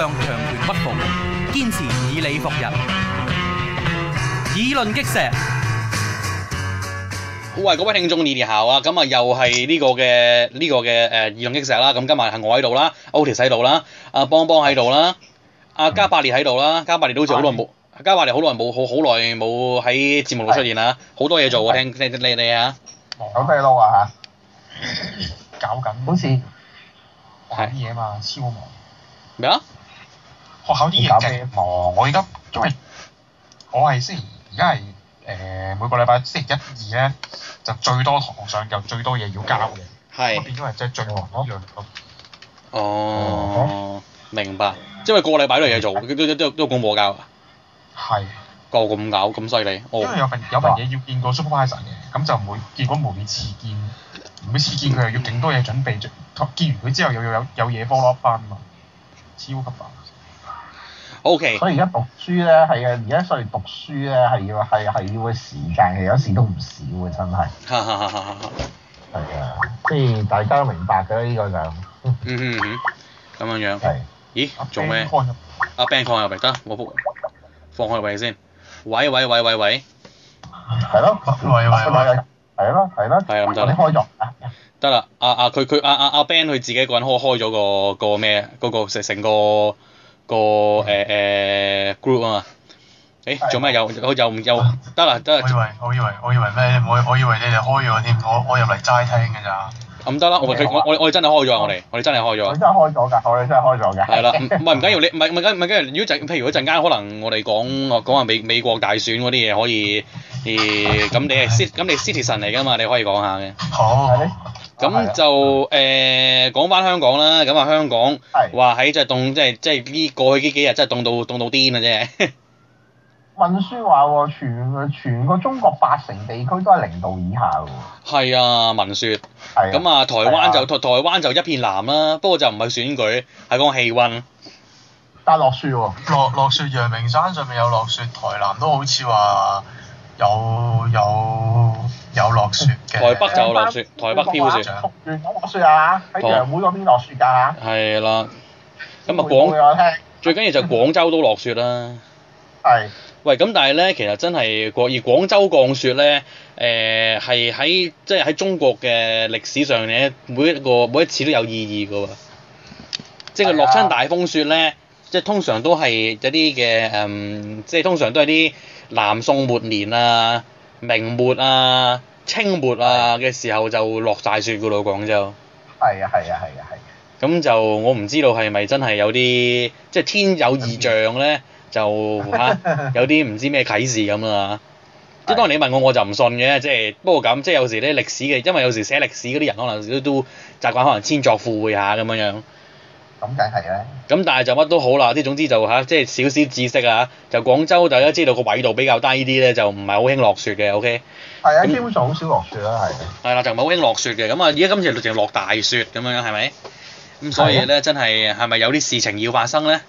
向強權不服，堅持以理服人。議論擊石。喂，各位聽眾你哋好啊，咁啊又係呢個嘅呢、呢個嘅誒議論擊石啦。咁今日係我喺度啦，Otis 喺度啦，阿、啊、邦邦喺度啦，阿、啊、加百列喺度啦。加百列好似好耐冇，加百列好耐冇好好耐冇喺節目度出現啦，好的多嘢做啊的！聽聽你，你啊，嚇，有咩路啊？搞緊好似玩嘢嘛，消磨咩啊？學校啲嘢忙，我而家因為我係星期而家係誒每個禮拜星期一、二咧就最多堂上又最多嘢要交嘅，咁變咗係即係最忙嗰樣咯。哦，明白，因為個個禮拜都有嘢做，是都都都都都咁多交。係個個咁搞咁犀利，oh、因為有份有份嘢要見過 supervisor 嘅，咁就每結果每次見每次見佢又要勁多嘢準備，嗯、見完佢之後又要有有嘢 follow up 翻嘛，超級煩。O K，所以而家讀書咧係啊，而家所以讀書咧係要係係要嘅時間嘅，有時都唔少嘅真係。係啊，即係大家都明白嘅呢個就。嗯嗯嗯咁樣樣。係。咦？做咩？阿 Ben 開入嚟得，我 b o 放開入嚟先。喂喂喂喂喂，係咯，係咯，係咯，係咯。係咁就。你開咗？得啦，阿阿佢佢阿阿阿 Ben 佢自己一個人開開咗個個咩？嗰個成成個。個誒誒，哎呃，group 啊，哎，嘛，誒做咩有我有有得啦得啦？我以為我以為我以為咩？我我以為你哋開咗添，我我入嚟齋聽嘅咋。咁得啦，我我哋真係開咗啊！我哋我哋真係開咗。佢真係開咗㗎。我哋真係開咗嘅。係啦，唔唔唔緊要你，唔係唔緊唔緊要。如果就譬如一陣間可能我哋講講下美美國大選嗰啲嘢可以。咁你係 cit 咁你 citizen 嚟㗎嘛？你可以講下嘅。好、oh. 就，下咁就誒講翻香港啦，咁啊香港，是哇喺即係凍，即係真係呢過去呢幾日真係凍到凍到癲啊！啫係。文書話喎，全全個中國八成地區都係零度以下喎。係啊，文書。係。咁啊，台灣就台、啊、台灣就一片藍啦、啊，不過就唔係選舉，係講氣溫。但落雪喎、啊。落落雪，陽明山上面有落雪，台南都好似話。有有有落雪嘅，台北就有落雪，嗯、台北飄雪。有落雪、哦、會會啊！喺楊梅嗰邊落雪㗎。係啦。咁啊，廣最緊要就廣州都落雪啦。係。喂，咁但係咧，其實真係廣而廣州降雪咧，誒係喺即係喺中國嘅歷史上咧，每一個每一次都有意義嘅喎。即係落親大風雪咧，即係通常都係一啲嘅誒，即係通常都係啲。南宋末年啊，明末啊，清末啊嘅時候就落大雪噶咯，廣州。係啊係啊係啊係。咁就我唔知道係咪真係有啲，即係天有異象咧，就吓，有啲唔知咩啟示咁啊！即係當然你問我我就唔信嘅，即係不過咁，即係有時咧歷史嘅，因為有時寫歷史嗰啲人可能都習慣可能遷作附會一下咁樣樣。咁梗係嘅，咁但係就乜都好啦，即係總之就嚇，即係少少知識啊，就廣州大家知道個緯度比較低啲咧，就唔係好興落雪嘅，OK？係啊的，那基本上好少落雪啦，係。係啦，就唔係好興落雪嘅，咁啊，而家今次就落大雪咁樣，係咪？咁所以咧，的真係係咪有啲事情要發生咧？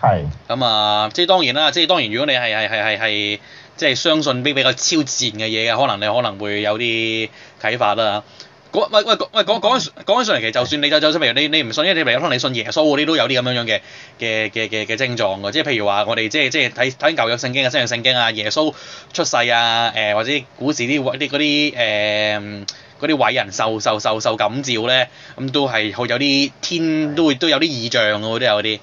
係的。咁啊，即係當然啦，即係當然，如果你係係係係係即係相信比比較超自然嘅嘢嘅，可能你可能會有啲啟發啦。講喂喂喂講起起上嚟，其實就算你就就譬如你你唔信，因為你唔可能你信耶穌嗰啲都有啲咁樣樣嘅嘅嘅嘅嘅症狀㗎，即係譬如話我哋即係即係睇睇舊約聖經啊新約聖經啊耶穌出世啊、呃、或者古時啲啲嗰啲啲偉人受受受受感召咧，咁、嗯、都係好有啲天都會都會有啲異象㗎，都有啲。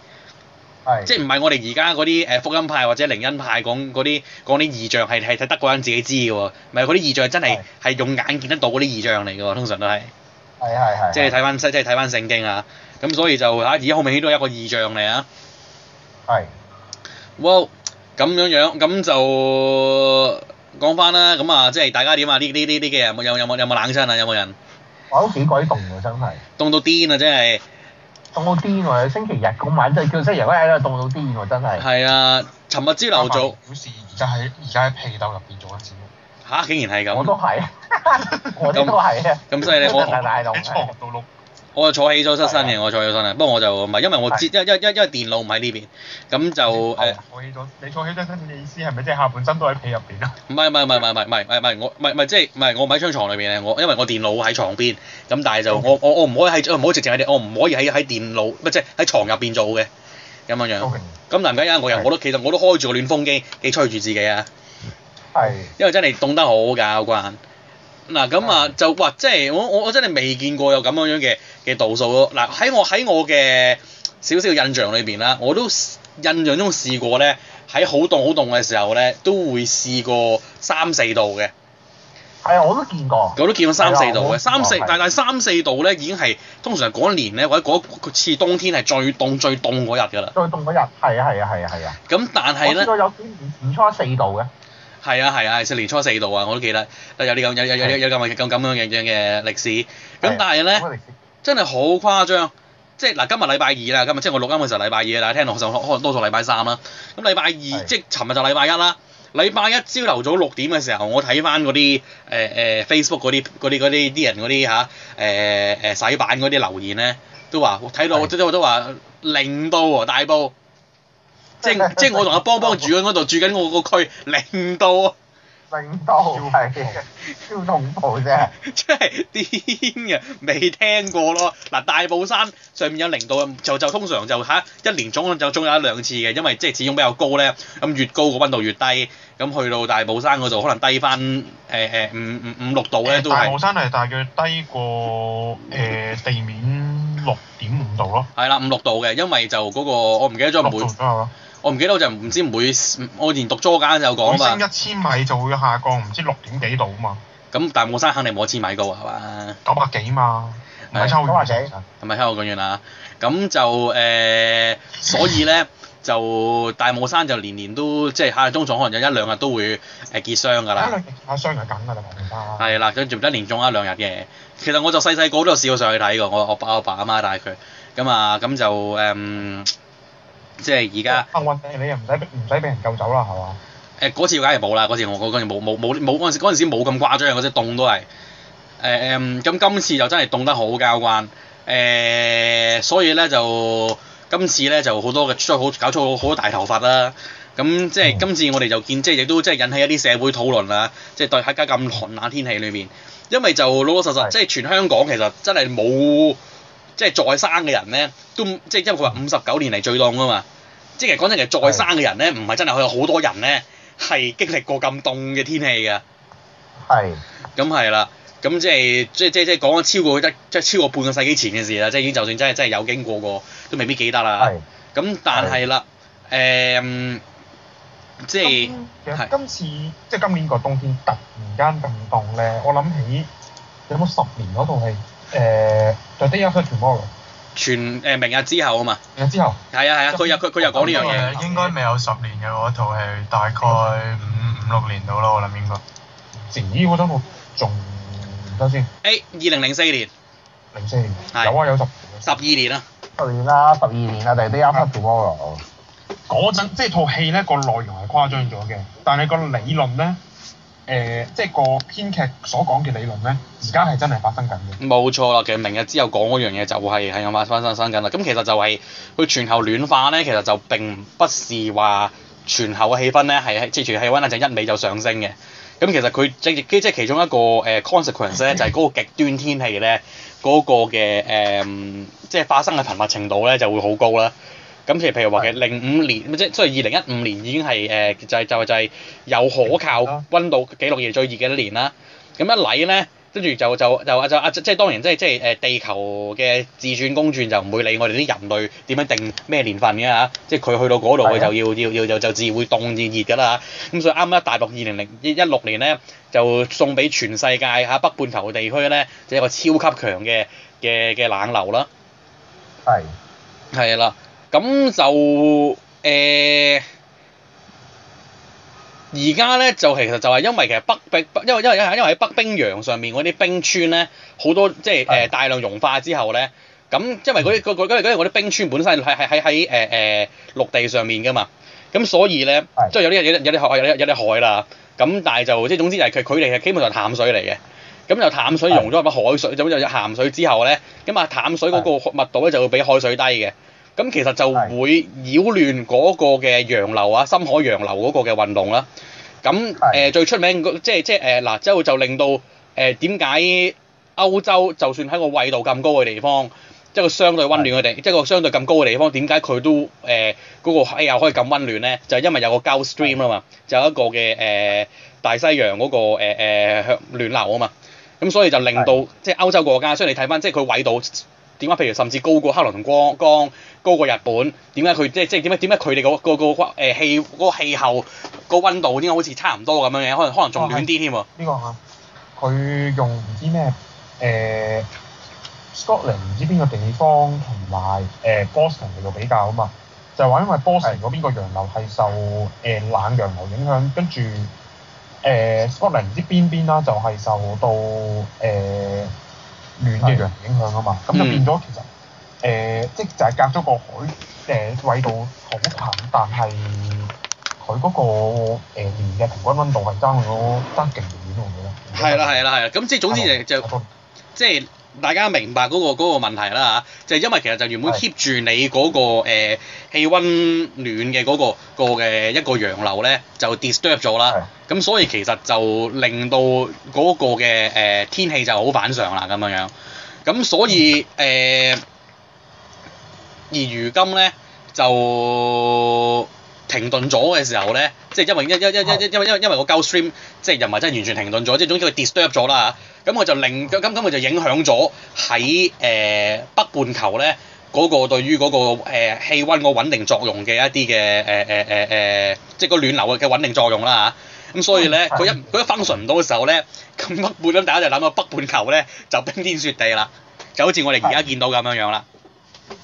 是即係唔係我哋而家嗰啲誒福音派或者靈恩派講啲講啲異象係係睇得嗰個人自己知嘅喎，唔係嗰啲異象係真係係是用眼見得到嗰啲異象嚟嘅喎，通常都係。係係係。即係睇翻真真係睇翻聖經啊，咁所以就啊而家後面起多一個異象嚟啊。係是。咁、wow, 樣樣咁就講翻啦，咁啊即係大家點啊？呢呢呢呢幾日有有冇有冇冷親啊？有冇人？哇！都幾鬼凍喎，真係。凍到癲啊！真係。凍到癲喎，星期日咁晚真係叫星期日嗰喺度凍到癲喎，真係。係啊，尋日之流主就係而家喺被竇入邊做緊節目吓，竟然係咁。我也都係 我都係啊。咁犀利咧，你牀我就坐起咗身身嘅，的我坐咗身啦。不過我就唔係，因為我知，因因因因為電腦唔喺呢邊，咁就誒、嗯哦。坐起咗，你坐起咗身嘅意思係咪即係下半身都喺被入邊啊？唔係唔係唔係唔係唔係唔係唔係，唔係唔係即係唔係我唔喺張床裏邊啊！我，我因為我電腦喺床邊，咁但係就我我我唔可以喺，唔可以直直喺啲，我唔可以喺喺電腦，即係喺床入邊做嘅咁樣樣。咁難怪因為我又我都其實我都開住個暖風機，幾吹住自己啊。係的。因為真係凍得好㗎嗰關。嗱咁啊，是的 就話即係我我我真係未見過有咁樣樣嘅嘅度數咯。嗱喺、啊、我喺我嘅少少印象裏邊啦，我都印象中試過咧，喺好凍好凍嘅時候咧，都會試過三四度嘅。係啊，我都見過。我都見過三四度嘅三四，但係三四度咧已經係通常嗰一年咧或者嗰次冬天係最凍最凍嗰日㗎啦。最凍嗰日。係啊係啊係啊係啊。咁但係咧。我試有見唔唔錯四度嘅。係啊係啊，其、啊、年初四度啊，我都記得。有啲咁有有有咁咁咁樣嘅歷史。咁的但係咧，真係好誇張。即係嗱，今日禮拜二啦，今日即係我錄音嘅時候禮拜二啊，大家聽到我就可能多數禮拜三啦。咁禮拜二是的 即係尋日就禮拜一啦。禮拜一朝頭早六點嘅時候，我睇翻嗰啲誒誒、呃、Facebook 嗰啲啲啲啲人嗰啲吓，誒、呃、誒洗版嗰啲留言咧，都話睇到是的 我都都都話零度大埔。即係 即係我同阿邦邦住緊嗰度，住緊我個區零度，零度係超恐怖啫！即係啲癲嘅未聽過咯。嗱，大帽山上面有零度，就就通常就嚇、啊、一年總就總有一兩次嘅，因為即係始終比較高咧。咁越高個溫度越低，咁去到大帽山嗰度可能低翻誒誒五五五六度咧都係。大帽山係大約低過誒、呃、地面六點五度咯。係啦，五六度嘅，因為就嗰、嗰個我唔記得咗每。我唔記得，我就唔唔知每，我連讀初中就講嘛。一千米就會下降，唔知六點幾度啊嘛。咁大帽山肯定冇一千米高，係嘛？是九百幾啊嘛，唔係差好。九百係咪香港咁完啦？咁就誒，所以咧就大帽山就年年都即係、就是、中暑，可能有一兩日都會誒結霜㗎啦。梗係結霜係梗㗎啦，大帽山。係啦，就唔得連中一兩日嘅。其實我就細細個都有試過上去睇過，我我爸阿爸阿媽帶佢咁啊，咁就誒。嗯即係而家，你又唔使唔使俾人救走啦，係嘛？誒嗰、呃、次梗係冇啦，嗰次我嗰陣時冇冇冇冇嗰陣時嗰陣時冇咁誇張，只凍都係誒誒。咁、呃、今次就真係凍得好交關，誒、呃、所以咧就今次咧就好多嘅出好搞錯好多大頭佛啦。咁即係今次我哋就見，嗯、即係亦都即係引起一啲社會討論啦。即係對喺家咁寒冷天氣裏面，因為就老老實實是 即係全香港其實真係冇。即係再生嘅人咧，都即係因為佢話五十九年嚟最凍噶嘛。即係講真，其實再生嘅人咧，唔係真係，佢有好多人咧係經歷過咁凍嘅天氣㗎。係。咁係啦，咁即係即係即係講緊超過得即係超過半個世紀前嘅事啦。即係已經就算真係真係有經過過，都未必記得啦。係。咁但係啦，誒，即係。其實今次即係今年個冬天突然間咁凍咧，我諗起有冇十年嗰套戲？誒，The Day After Tomorrow，全誒明日之後啊嘛，明日之後，係啊係啊，佢又佢佢又講呢樣嘢，應該未有十年嘅嗰套係大概五五六年到啦，我諗應該。前依嗰張圖仲等先。誒二零零四年。零四年。係。有啊有十。十二年啦。去年啦，十二年啊，The Day After Tomorrow。嗰陣即係套戲咧，個內容係誇張咗嘅，但係個理論咧。誒、呃，即係個編劇所講嘅理論咧，而家係真係發生緊嘅。冇錯啦，其實明日之後講嗰樣嘢就係係咁發生生生緊啦。咁其實就係佢全球暖化咧，其實就並不是話全球嘅氣氛咧係即係全球氣溫咧就一味就上升嘅。咁其實佢即係即係其中一個誒、呃、consequence 咧，就係、是、嗰個極端天氣咧嗰、那個嘅誒、呃，即係發生嘅頻密程度咧就會好高啦。咁譬如譬如話，其實零五年即係二零一五年已經係就係、就就係、有可靠溫度記錄嘅最熱嘅一年啦。咁一禮咧，跟住就就就啊就啊即係當然即係即係地球嘅自轉公轉就唔會理我哋啲人類點樣定咩年份嘅嚇，即係佢去到嗰度佢就要的要要就就自會凍自熱㗎啦。咁所以啱啱大陸二零零一六年咧，就送俾全世界嚇北半球嘅地區咧，就一個超級強嘅嘅嘅冷流啦。係的。係啦。咁就誒，而家咧就其實就係因為其實北冰，因為因為因為因為喺北冰洋上面嗰啲冰川咧好多，即係誒大量融化之後咧，咁因為嗰啲啲冰川本身喺喺喺喺誒誒陸地上面㗎嘛，咁所以咧即係有啲有啲有啲有啲海啦，咁但係就即係總之就係佢距離係基本上淡水嚟嘅，咁就淡水溶咗入的海水，咁就鹹水之後咧咁啊，淡水嗰個密度咧就會比海水低嘅。咁其實就會擾亂嗰個嘅洋流啊，深海洋流嗰個嘅運動啦。咁誒最出名，即係即係誒嗱，就就令到誒點解歐洲就算喺個緯度咁高嘅地方，即係個相對温暖嘅地，即係個相對咁高嘅地方，點解佢都誒嗰個又可以咁温暖咧？就係因為有個 Gulfstream 啊嘛，就有一個嘅誒大西洋嗰個誒誒向暖流啊嘛。咁所以就令到即係歐洲國家，所以你睇翻即係佢緯度。點解？譬如甚至高過黑龍同光光，高過日本。點解佢即係即係點解點解佢哋個個個誒氣嗰個氣候個温度點解好似差唔多咁樣嘅？可能可能仲暖啲添。呢個啊？佢、這個、用唔知咩誒 Scotland 唔知邊個地方同埋誒 Boston 嚟到比較啊嘛，就係、是、話因為 Boston 嗰邊個洋流係受誒、呃、冷洋流影響，跟住誒 Scotland 唔知邊邊啦，就係受到誒。呃暖嘅樣影響啊嘛，咁就變咗其實誒，即係、嗯呃、就係、係、隔咗個海誒，緯、呃、度好近，但係佢嗰個誒、呃、年嘅平均溫度係爭咗爭勁遠喎，係咪係啦係啦係啦，咁即係總之就就、係係就即、係、係。大家明白嗰、那個嗰、那個問題啦嚇，就係、因為其實就原本 keep 住你嗰、那個誒氣是、呃、温暖嘅嗰、那個、那個嘅一個洋流咧，就 disturb 咗啦，咁是所以其實就令到嗰個嘅誒、呃、天氣就好反常啦咁樣樣，咁所以誒、呃，而如今咧就～停頓咗嘅時候咧，即、就、係、是、因為因因因因因因為因為個 Gulf Stream 即係唔係真係完全停頓咗，即、就、係、是、總之佢 disturb 咗啦，咁我就令咁咁，我就影響咗喺誒北半球咧嗰、那個對於嗰、那個、呃、氣温個穩定作用嘅一啲嘅誒誒誒誒，即係嗰暖流嘅穩定作用啦嚇。咁所以咧，佢的一佢一 function 唔到嘅時候咧，咁北半咁大家就諗到北半球咧就冰天雪地啦，就好似我哋而家見到咁樣樣啦。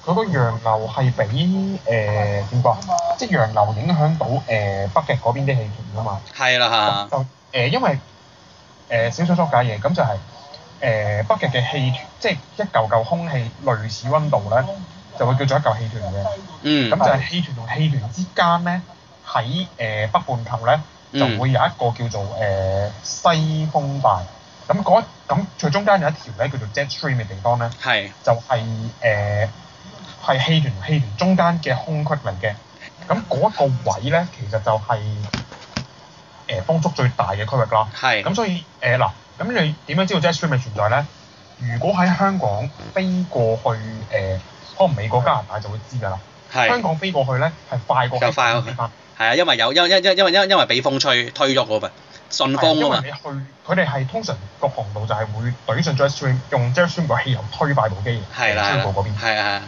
佢個洋流係畀誒點講？即係洋流影響到誒、呃、北極嗰邊啲氣團啊嘛。係啦嚇。就誒、呃，因為誒少少作假嘢，咁、呃、就係、是、誒、呃、北極嘅氣團，即、就、係、是、一嚿嚿空氣類似温度咧，就會叫做一嚿氣團嘅。嗯。咁就係氣團同氣團之間咧，喺誒、呃、北半球咧，就會有一個叫做誒、呃、西風帶。咁嗰咁最中間有一條咧叫做 Jet Stream 嘅地方咧，係是就係、是、誒。呃係氣團，氣團中間嘅空隙嚟嘅，咁嗰一個位咧，其實就係誒風速最大嘅區域啦。係。咁所以誒嗱，咁、呃、你點樣知道 jet stream 咪存在咧？如果喺香港飛過去、呃、可能美國、加拿大就會知噶啦。香港飛過去咧，係快過就快係啊，因為有因因因因為因為因俾風吹推咗個㗎，順風啊嘛。因為你去佢哋係通常個航道就係會對上 jet stream，用 jet stream 個氣流推快部機嘅部嗰邊。啊！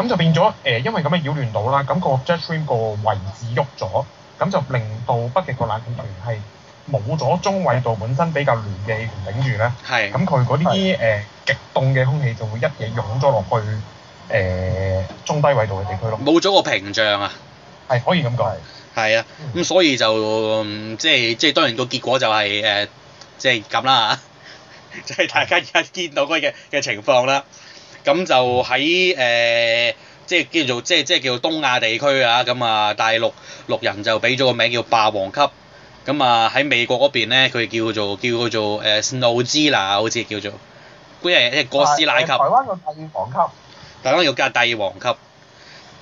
咁就變咗誒，因為咁樣擾亂到啦，咁個 jet stream 個位置喐咗，咁就令到北極個冷氣團係冇咗中緯度本身比較暖嘅氣團頂住咧。係。咁佢嗰啲誒極凍嘅空氣就會一嘢湧咗落去誒中低緯度嘅地區咯。冇咗個屏障啊！係可以咁講。係啊，咁所以就即係即係當然個結果就係誒即係咁啦，就係大家而家見到嗰嘅嘅情況啦。咁就喺誒、呃，即係叫做即係即係叫做東亞地區啊！咁啊，大陸陸人就俾咗個名叫霸王級，咁啊喺美國嗰邊咧，佢叫做叫做 Snowzilla 啦，好似叫做，嗰啲係哥斯拉級，台灣個帝王級，台灣要加帝王級，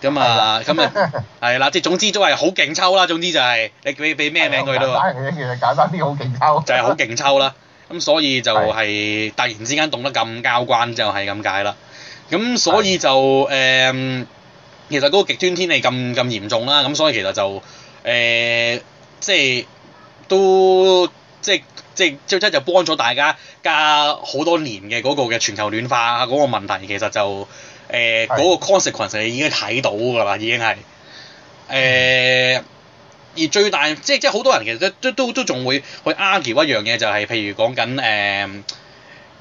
咁啊咁啊係啦，即係總之都係好勁抽啦，總之就係你俾俾咩名佢都，簡單啲好勁抽，就係、是、好 勁抽啦，咁所以就係突然之間凍得咁交關就，就係咁解啦。咁所以就誒是的、呃，其實嗰個極端天氣咁咁嚴重啦，咁所以其實就誒、呃，即係都即係即係即即就幫咗大家加好多年嘅嗰個嘅全球暖化嗰個問題，其實就誒嗰、呃、是的 個 consequence 你已經睇到㗎啦，已經係誒、呃，而最大即係即係好多人其實都都都仲會去 argue 一樣嘢，就係、是、譬如講緊誒。呃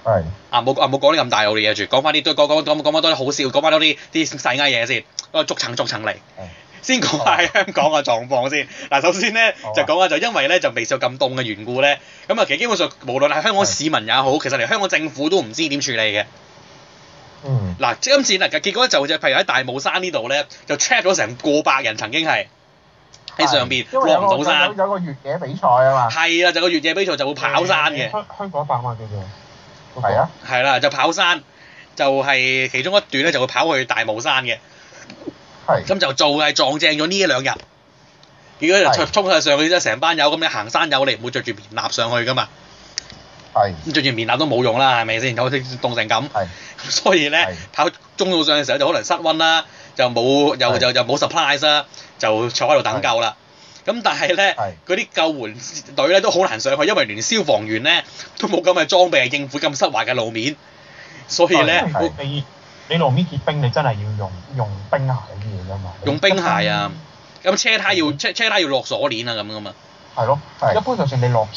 係是啊，冇啊冇講啲咁大腦啲嘢住，講翻啲都講講講講翻多啲好笑，講翻多啲啲細嘅嘢先，逐層逐層嚟。是先講下吧香港嘅狀況先。嗱，首先咧吧就講下就因為咧就未受咁凍嘅緣故咧，咁啊其實基本上無論係香港市民也好，是其實連香港政府都唔知點處理嘅。嗯。嗱、啊，今次能夠結果就譬如喺大帽山呢度咧，就 trap 咗成過百人曾經係喺上邊落唔到山。有個越野比賽啊嘛。係啊，就個越野比賽就會跑山嘅。香港百萬叫做。係啊，係啦，就跑山，就係其中一段咧，就會跑去大帽山嘅。係。咁就做係撞正咗呢一兩日。如果出沖曬上去，即係成班友咁樣行山友，你唔會著住棉衲上去噶嘛。係。咁著住棉衲都冇用啦，係咪先？然後凍成咁，咁所以咧跑中路上嘅時候就可能失溫啦，就冇又就就冇 supplies 啦，就坐喺度等救啦。咁但係咧，嗰啲救援隊咧都好難上去，因為連消防員咧都冇咁嘅裝備嚟應付咁濕滑嘅路面，所以咧你你路面結冰，你真係要用用冰鞋嗰啲嘢㗎嘛？用冰鞋啊！咁車胎要車車胎要落鎖鏈啊！咁樣啊？係咯，係。一般就算你落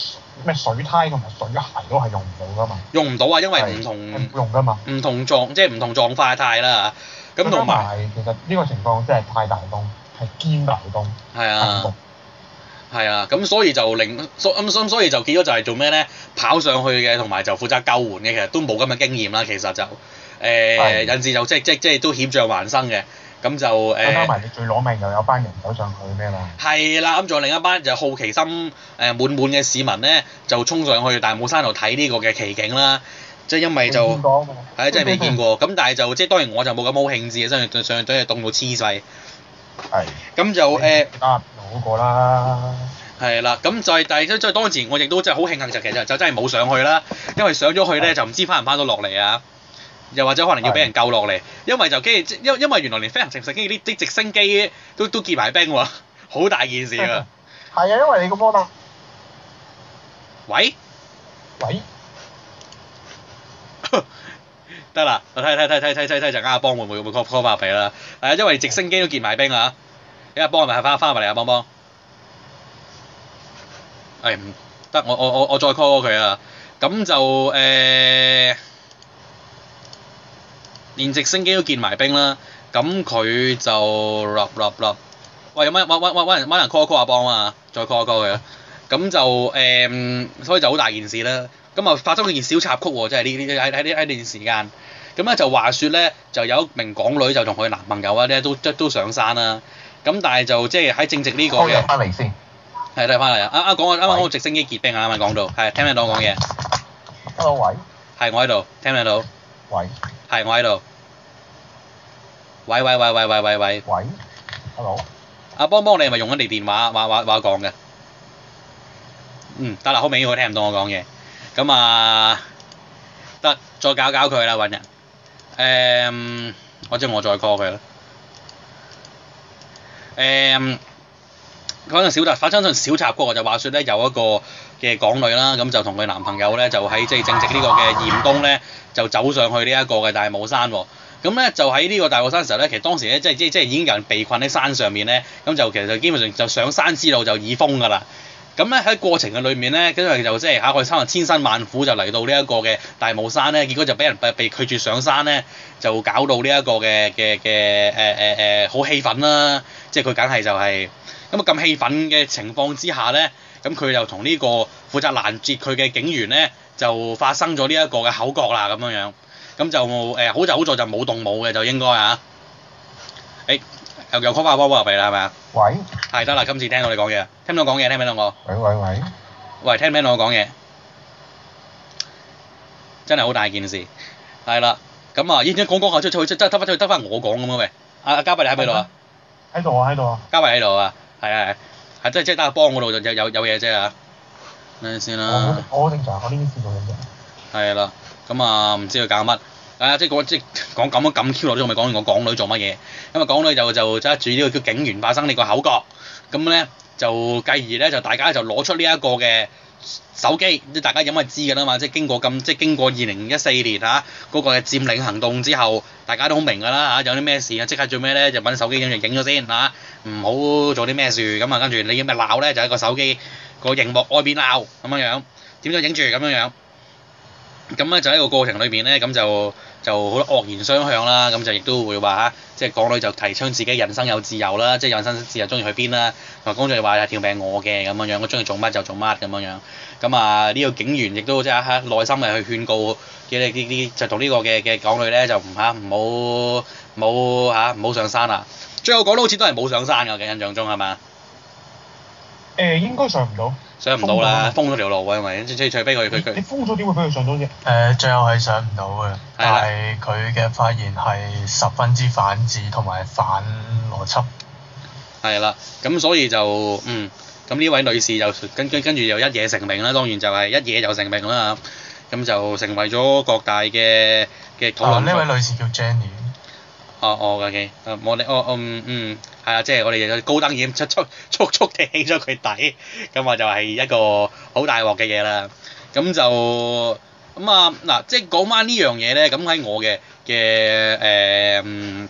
咩水胎同埋水鞋都係用唔到㗎嘛？用唔到啊，因為唔同用㗎嘛？唔同狀，即係唔同狀況態啦。咁同埋其實呢個情況真係太大凍，係堅大凍，係啊。係啊，咁所以就令，所以所以就結果就係做咩咧？跑上去嘅，同埋就負責救援嘅，其實都冇咁嘅經驗啦。其實就有陣時就即即即都險象環生嘅。咁就誒，加、呃、埋你最攞命又有班人走上去咩嘛？係啦，咁仲有另一班就好奇心誒、呃、滿滿嘅市民咧，就衝上去，但係冇山頭睇呢個嘅奇景啦。即因為就係即係未見過，咁 但係就即當然我就冇咁好興致嘅，真係上上到去凍到黐晒。係的。咁就誒。嗯呃啊冇過啦，係啦，咁就係，但係即即係當時我亦都真係好慶幸就其實就真係冇上去啦，因為上咗去咧就唔知翻唔翻到落嚟啊，又或者可能要俾人救落嚟，因為就驚，因因為原來連飛行直升機啲啲直升機都都結埋冰喎，好大件事啊，係啊，因為你個波啦，喂，喂，得啦，我睇睇睇睇睇睇睇就阿邦會唔會會 call call 埋你啦，係啊，因為直升機都結埋冰啦嚇。你阿邦係咪翻翻埋嚟啊？邦邦，誒唔得，我我我我再 call 佢啊！咁就誒、呃、連直升機都見埋兵啦。咁佢就、呃呃、喂，有乜揾揾揾人人 call call 阿邦啊！再 call 佢啊！咁就誒、呃，所以就好大件事啦。咁啊，發生一件小插曲喎，即係呢喺喺呢段時間咁咧，咁就話說咧，就有一名港女就同佢男朋友一啲都都上山啦。咁但係就即係喺正直呢個嘅，係都係翻嚟先。係都係翻嚟啊！啊講啊，啱啱講直升機結冰啊，啱啱講到，係聽唔聽到我講嘢？Hello，喂？係我喺度，聽唔聽到？喂？係我喺度。喂喂喂喂喂喂喂！喂？Hello。阿邦，幫你咪用緊你電話話話話講嘅。嗯，得啦，好明顯佢聽唔到我講嘢。咁啊，得再搞搞佢啦，揾人。誒，我知我再 call 佢啦。誒嗰、嗯、小突然發生咗小插曲啊，就話說咧，有一個嘅港女啦，咁就同佢男朋友咧就喺即係正值呢個嘅嚴冬咧，就走上去呢、這、一個嘅大帽山喎、哦。咁咧就喺呢個大帽山嘅時候咧，其實當時咧即係即係即係已經有人被困喺山上面咧，咁就其實就基本上就上山之路就已封㗎啦。咁咧喺過程嘅裏面咧，咁樣就即係嚇，佢、啊、差唔多千辛萬苦就嚟到呢一個嘅大帽山咧，結果就俾人被拒絕上山咧，就搞到呢一個嘅嘅嘅誒誒誒好氣憤啦，即係佢梗係就係咁啊咁氣憤嘅情況之下咧，咁佢就同呢個負責攔截佢嘅警員咧，就發生咗呢一個嘅口角啦咁樣樣，咁就誒、欸、好就好在就冇動武嘅，就應該啊，誒、欸。又又 call 返波波入嚟啦係咪？喂，係得啦，今次聽到你講嘢，聽唔聽到我講嘢？聽唔聽到我？喂喂喂，喂，聽唔聽到我講嘢？真係好大件事，係啦，咁啊，已經講講下，再再再得翻，再得翻我講咁嘅咩？阿阿加百你喺邊度啊？喺度啊喺度啊，加百喺度啊，係啊係，係真係真係得阿邦嗰度就有有有嘢啫嚇，等陣先啦。我我正常，我呢啲線路嚟啫。係啦，咁啊唔知佢搞乜？係啊，即係講即係講咁樣咁 Q 落咗，我咪講完我港女做乜嘢？因為港女就就揸住呢個叫警員發生呢個口角，咁咧就繼而咧就大家就攞出呢一個嘅手機，即係大家應該知㗎啦嘛，即係經過咁即係經過二零一四年嚇嗰個嘅佔領行動之後，大家都好明㗎啦嚇，有啲咩事啊，即刻做咩咧？就揾手機影住影咗先嚇，唔好做啲咩事咁啊，跟住你咪鬧咧，就喺個手機個熒幕外面鬧咁樣樣，點都影住咁樣樣。咁咧就喺個過程裏邊咧，咁就就好多惡言相向啦。咁就亦都會話嚇，即係港女就提倡自己人生有自由啦，即係人生自由，中意去邊啦。同埋工作就話條命我嘅咁樣樣，我中意做乜就做乜咁樣樣。咁啊，呢、這個警員亦都即係嚇耐心嘅去勸告啲啲啲，就同呢個嘅嘅港女咧就唔嚇唔好唔好唔好上山啦。最後講到好似都係冇上山㗎，我嘅印象中係嘛？誒應該上唔到，上唔到啦，封咗條路喎，因為即即即除非佢佢佢。你封咗點會俾佢上到啫？誒，最後係上唔到嘅，但係佢嘅發言係十分之反智同埋反邏輯。係啦，咁所以就嗯，咁呢位女士就跟跟跟住又一夜成名啦，當然就係一夜就成名啦，咁就成為咗各大嘅嘅討論。哦，呢位女士叫 Jenny。哦哦 OK，誒我你哦哦嗯嗯。係啊，即係我哋嘅高登已經，速速速速地起咗佢底，咁啊就係一個好大鑊嘅嘢啦。咁就咁啊嗱，即係講翻呢樣嘢咧，咁喺我嘅嘅誒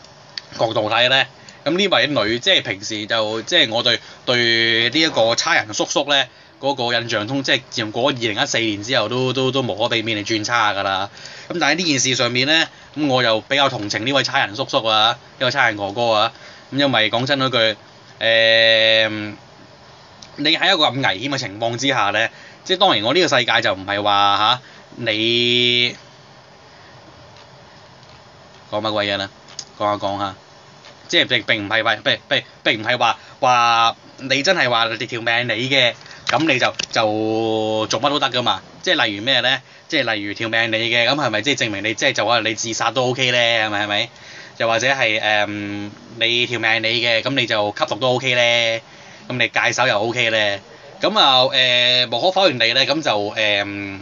角度睇咧，咁呢位女即係平時就即係我對對呢一個差人叔叔咧，嗰、嗰個印象通，通即係自從過咗二零一四年之後都，都都都無可避免地轉差㗎啦。咁但係呢件事上面咧，咁我又比較同情呢位差人叔叔啊，呢位差人哥哥啊。咁又咪講真嗰句，誒、欸，你喺一個咁危險嘅情況之下咧，即係當然我呢個世界就唔係話嚇你講乜鬼嘢啦，講一講下，即係並並唔係話並並並唔係話話你真係話你條命你嘅，咁你就就做乜都得噶嘛，即係例如咩咧，即係例如條命你嘅，咁係咪即係證明你即係就可能你自殺都 OK 咧，係咪係咪？又或者係誒、嗯，你條命係你嘅，咁你就吸毒都 O K 咧，咁你戒手又 O K 咧，咁啊誒，無可否認你咧，咁就誒，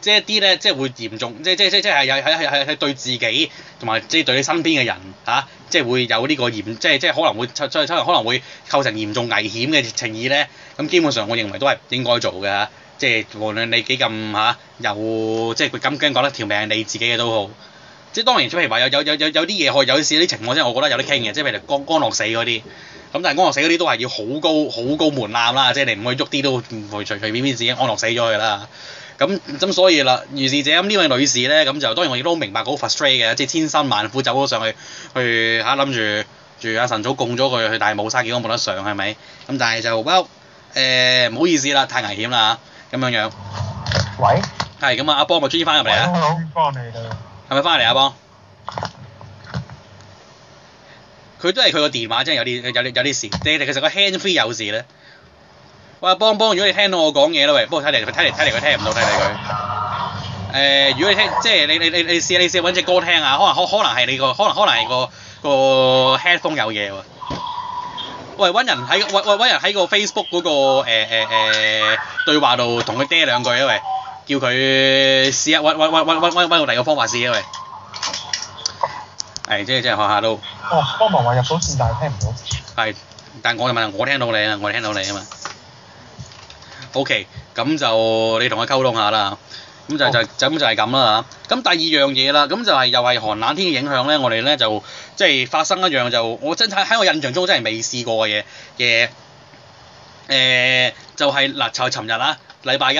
即係一啲咧，即、就、係、是就是、會嚴重，即係即係即係係係係係對自己同埋即係對你身邊嘅人嚇，即、啊、係、就是、會有呢個嚴，即係即係可能會抽抽可能會構成嚴重危險嘅情意咧，咁基本上我認為都係應該做嘅即係無論你幾咁嚇，又即係佢咁驚講得條命係你自己嘅都好。即係當然，即譬如話有有有有有啲嘢，可有時有啲情況即係我覺得有得傾嘅，即係譬如安安樂死嗰啲，咁但係安樂死嗰啲都係要好高好高門檻啦，即係你唔可以喐啲都唔會隨隨便便自己安樂死咗㗎啦。咁咁所以啦，如是者咁呢位女士咧咁就當然我亦都明白好 frustrate 嘅，即係千辛萬苦走咗上去去嚇諗住住阿神祖供咗佢，但係冇生幾我冇得上係咪？咁但係就唔好誒唔好意思啦，太危險啦咁樣樣。喂。係咁啊，阿波我轉翻入嚟啊。你好。係咪翻嚟啊？邦，佢都係佢個電話，真係有啲有啲有啲事。爹哋其實個 handfree 有事咧。喂、哎，邦邦，如果你聽到我講嘢啦，喂，不過睇嚟，睇嚟睇嚟佢聽唔到，睇嚟佢。誒、呃，如果你聽，即係你你你你試下，你試下揾隻歌聽下，可能可可能係你個，可能你可能係個個 headphone 有嘢喎。喂，揾人喺揾揾揾人喺、個 Facebook 嗰個誒誒誒對話度同佢爹兩句啊，喂！叫佢試下揾揾揾揾揾揾個第二個方法試啊咪，係即係即係學下都。哦，幫忙話入到線，但係聽唔到。係，但係我問我聽到你啊，我聽到你啊嘛。O K，咁就你同佢溝通下啦。咁就就就咁就係咁啦嚇。咁第二樣嘢啦，咁就係又係寒冷天氣影響咧，我哋咧就即係發生一樣就我真係喺我印象中真係未試過嘅嘢嘅。誒，就係嗱，就係尋日啊，禮拜一。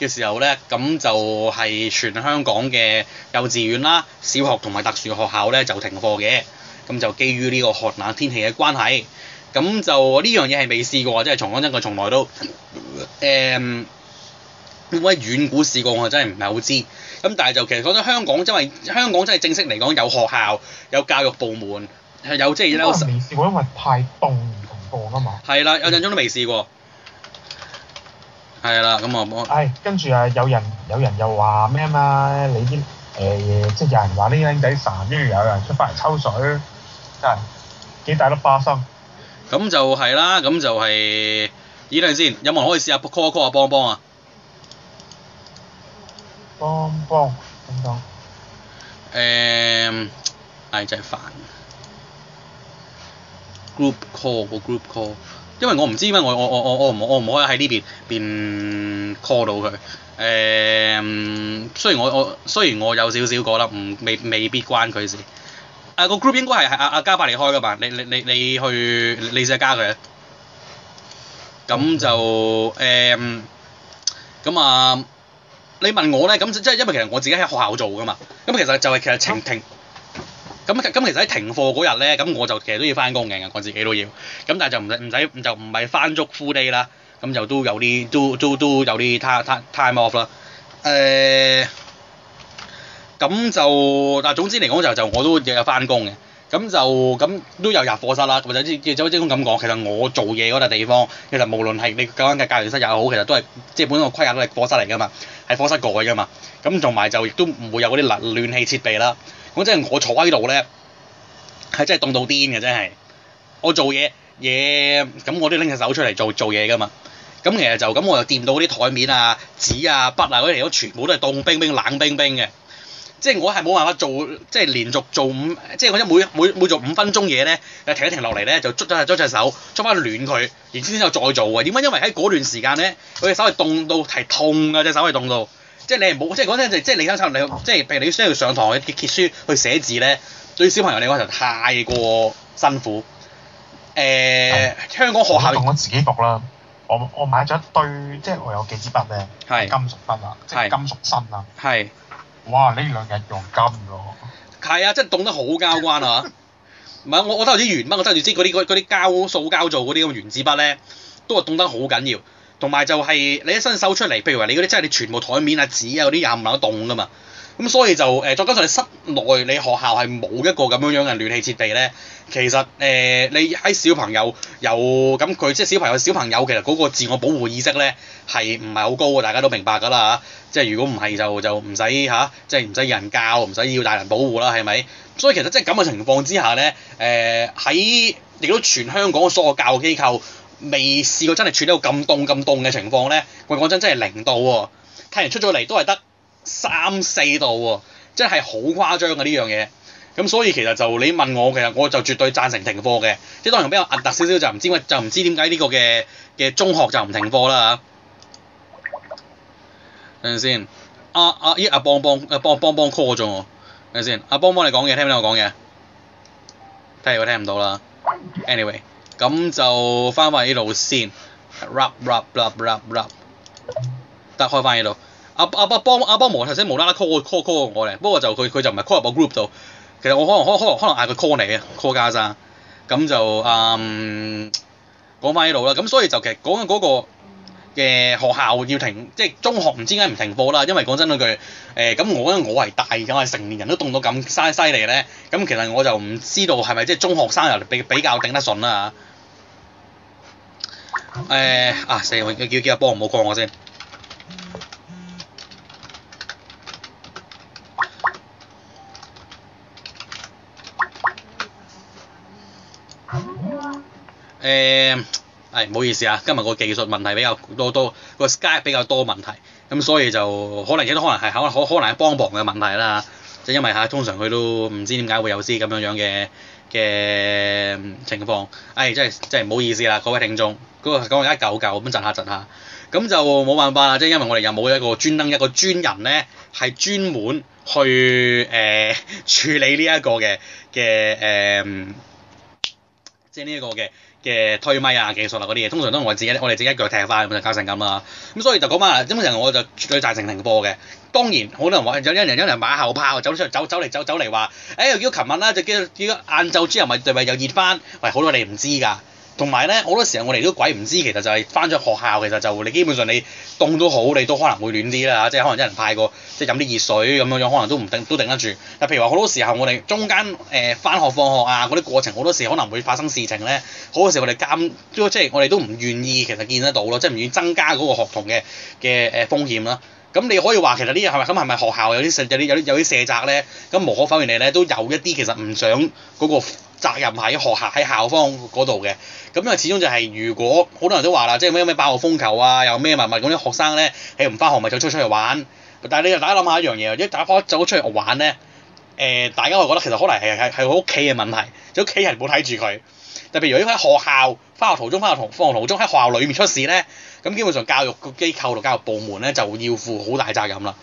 嘅時候咧，咁就係全香港嘅幼稚園啦、小學同埋特殊學校咧就停課嘅，咁就基於呢個寒冷天氣嘅關係，咁就呢樣嘢係未試過，即係講真，我從來都誒點解遠古試過，我真係唔係好知，咁但係就其實講得香，香港真為香港真係正式嚟講有學校、有教育部門有，即係。我未試過，因為太凍唔過啊嘛。係啦，有陣中都未試過。嗯係啦，咁我幫。係，跟住啊，有人有人又話咩啊嘛？你啲誒，即係有人話呢啲僆仔孱，跟住有人出翻嚟抽水，真係幾大粒花生。咁就係啦，咁就係等陣先，有冇人可以試下 call 啊 call 啊幫幫啊？幫幫等等。誒，係真係煩。Group call 個 group call。因為我唔知咩，我我我我我唔我唔可以喺呢邊邊 call 到佢。誒、嗯，雖然我我雖然我有少少覺得，唔未未必關佢事。誒個 group 應該係係阿阿加百嚟開噶嘛，你你你你去你試下加佢。咁就誒，咁、嗯、啊，你問我咧，咁即係因為其實我自己喺學校做噶嘛，咁其實就係、是、其實晴晴。啊咁咁其實喺停課嗰日咧，咁我就其實都要翻工嘅，我自己都要。咁但係就唔使唔使就唔係翻足 full day 啦，咁就都有啲都都都有啲 time time off 啦。誒、呃，咁就但係總之嚟講就就我都日日翻工嘅。咁就咁都有入課室啦，或者即即即係咁講，其實我做嘢嗰笪地方，其實無論係你講緊嘅教練室又好，其實都係即係本身個規格都係課室嚟噶嘛，係課室改噶嘛。咁同埋就亦都唔會有嗰啲冷暖氣設備啦。講真，我坐喺度咧，係真係凍到癲嘅真係。我做嘢嘢咁，我都拎隻手出嚟做做嘢噶嘛。咁其實就咁，我又掂到啲台面啊、紙啊、筆啊嗰啲嚟，都、啊、全部都係凍冰冰冷冰冰嘅。即係我係冇辦法做，即係連續做五，即係我一每每每做五分鐘嘢咧，停一停落嚟咧就捉咗捉隻手，捉翻去暖佢，然之後再做嘅。點解？因為喺嗰段時間咧，佢隻手係凍到係痛嘅，隻手係凍到。即係你唔好，即係講真就，即係你想測你，即係譬如你需要上堂嘅揭書去寫字咧，對小朋友嚟講就太過辛苦。誒、呃，嗯、香港學校用咗自己筆啦，我我買咗一堆，即係我有幾支筆咧，是金屬筆啦，即係金屬身啦、啊。係是。哇！呢兩日用金㗎喎。係啊，真係凍得好交關啊！唔係我我執住支圓筆，我執住支嗰啲嗰啲膠塑膠做嗰啲咁嘅原子筆咧，都係凍得好緊要。同埋就係你一伸手出嚟，譬如話你嗰啲，即係你全部台面啊、紙啊嗰啲又唔樓都凍噶嘛，咁所以就誒，再加上你室內你學校係冇一個咁樣樣嘅暖氣設備咧，其實、呃、你喺小朋友有咁佢即係小朋友小朋友其實嗰個自我保護意識咧係唔係好高嘅，大家都明白㗎啦、啊、即係如果唔係就就唔使嚇，即係唔使人教，唔使要大人保護啦，係咪？所以其實即係咁嘅情況之下咧，喺、呃、亦都全香港所有教育機構。未試過真係處喺到咁凍咁凍嘅情況咧，喂，講真真係零度喎，太陽出咗嚟都係得三四度喎，真係好誇張嘅呢樣嘢。咁所以其實就你問我，其實我就絕對贊成停課嘅。即係當然比較核突少少，就唔知就唔知點解呢個嘅嘅中學就唔停課啦。等陣先？阿阿益阿邦邦阿邦邦 call 咗我，等陣先？阿邦邦你講嘢，聽唔聽到我講嘢？太陽我聽唔到啦。Anyway。咁就翻返呢度先，rap rap rap rap rap，得開返呢度。阿阿阿邦阿邦無頭先無啦啦 call call call 我嚟，不過就佢佢就唔係 call 入個 group 度。其實我可能可可可能嗌佢 call 你啊，call 家咋。咁就嗯講返呢度啦。咁所以就其實講緊嗰個嘅、那個、學校要停，即、就、係、是、中學唔知點解唔停課啦。因為講真句，誒、欸、咁我覺得我係大㗎嘛，成年人都凍到咁犀犀利咧，咁其實我就唔知道係咪即係中學生又比比較頂得順啦。誒、哎、啊！四號，你叫叫阿波唔好過我先。誒、哎，係、哎，唔好意思啊，今日個技術問題比較多多，這個 Skype 比較多問題，咁所以就可能亦都可能係可能可可能係幫忙嘅問題啦。就因為嚇、啊，通常佢都唔知點解會有啲咁樣樣嘅。嘅情況，唉、哎，真係真係唔好意思啦，各位聽眾，嗰個講嘢一嚿嚿咁，震下震下，咁就冇辦法啦，即係因為我哋又冇一個專登一個專人咧，係專門去誒、呃、處理呢一個嘅嘅誒，即係呢一個嘅。嘅推咪啊技術啊嗰啲嘢，通常都我自己我哋自己一腳踢翻咁就搞成咁啦。咁所以就嗰晚，基本上我就絕對贊成停播嘅。當然好多人話有啲人有啲人，人，人馬後炮，走出去，走走嚟走走嚟話，誒、哎、叫琴日啦，就叫叫晏晝之後咪咪又熱翻，喂，好多你唔知㗎。同埋咧，好多時候我哋都鬼唔知，其實就係翻咗學校，其實就你基本上你凍都好，你都可能會暖啲啦，即係可能一人派個即係飲啲熱水咁樣樣，可能都唔定都頂得住。但譬如話好多時候我哋中間返翻學放學啊嗰啲過程，好多時候可能會發生事情咧。好多時候我哋監即係我哋都唔願意其實見得到咯，即係唔願意增加嗰個學童嘅嘅誒風險啦、啊。咁你可以話其實呢樣係咪咁係咪學校有啲有啲有啲有啲卸責咧？咁無可否認你咧，都有一啲其實唔想嗰、嗰個。責任喺學校喺校方嗰度嘅，咁因為始終就係如果好多人都話啦，即係咩咩爆風球啊，又咩物物咁啲學生咧，誒唔翻學咪就出出嚟玩，但係你又大家諗下一樣嘢，一打波走出去玩咧，誒、呃、大家會覺得其實可能係係係屋企嘅問題，就屋企人冇睇住佢，特別如果喺學校翻學途中翻學同放學途中喺學校裏面出事咧，咁基本上教育個機構同教育部門咧就要負好大責任啦。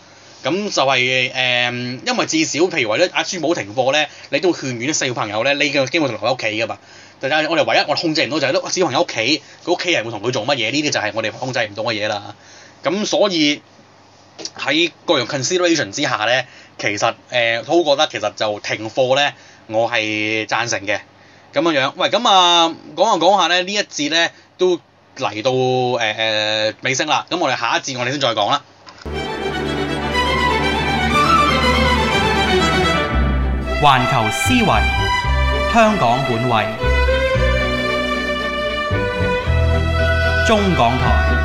咁就係、是嗯、因為至少譬如話咧，阿朱冇停課咧，你都勸遠啲細朋友咧，你嘅機會同佢喺屋企噶嘛。但、就、係、是、我哋唯一我控制唔到就係咯，小朋友屋企佢屋企人會同佢做乜嘢？呢啲就係我哋控制唔到嘅嘢啦。咁所以喺各樣 consideration 之下咧，其實誒，我、呃、都覺得其實就停課咧，我係贊成嘅。咁樣樣，喂，咁啊講下講下咧，講一講一講呢一節咧都嚟到誒誒、呃、尾聲啦。咁我哋下一節我哋先再講啦。環球思維，香港本位，中港台。